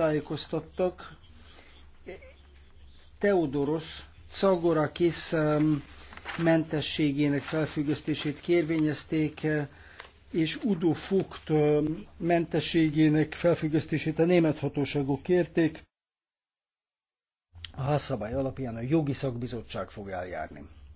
tájékoztattak. Teodoros Cagorakis mentességének felfüggesztését kérvényezték, és Udo Fucht mentességének felfüggesztését a német hatóságok kérték. A házszabály alapján a jogi szakbizottság fog eljárni.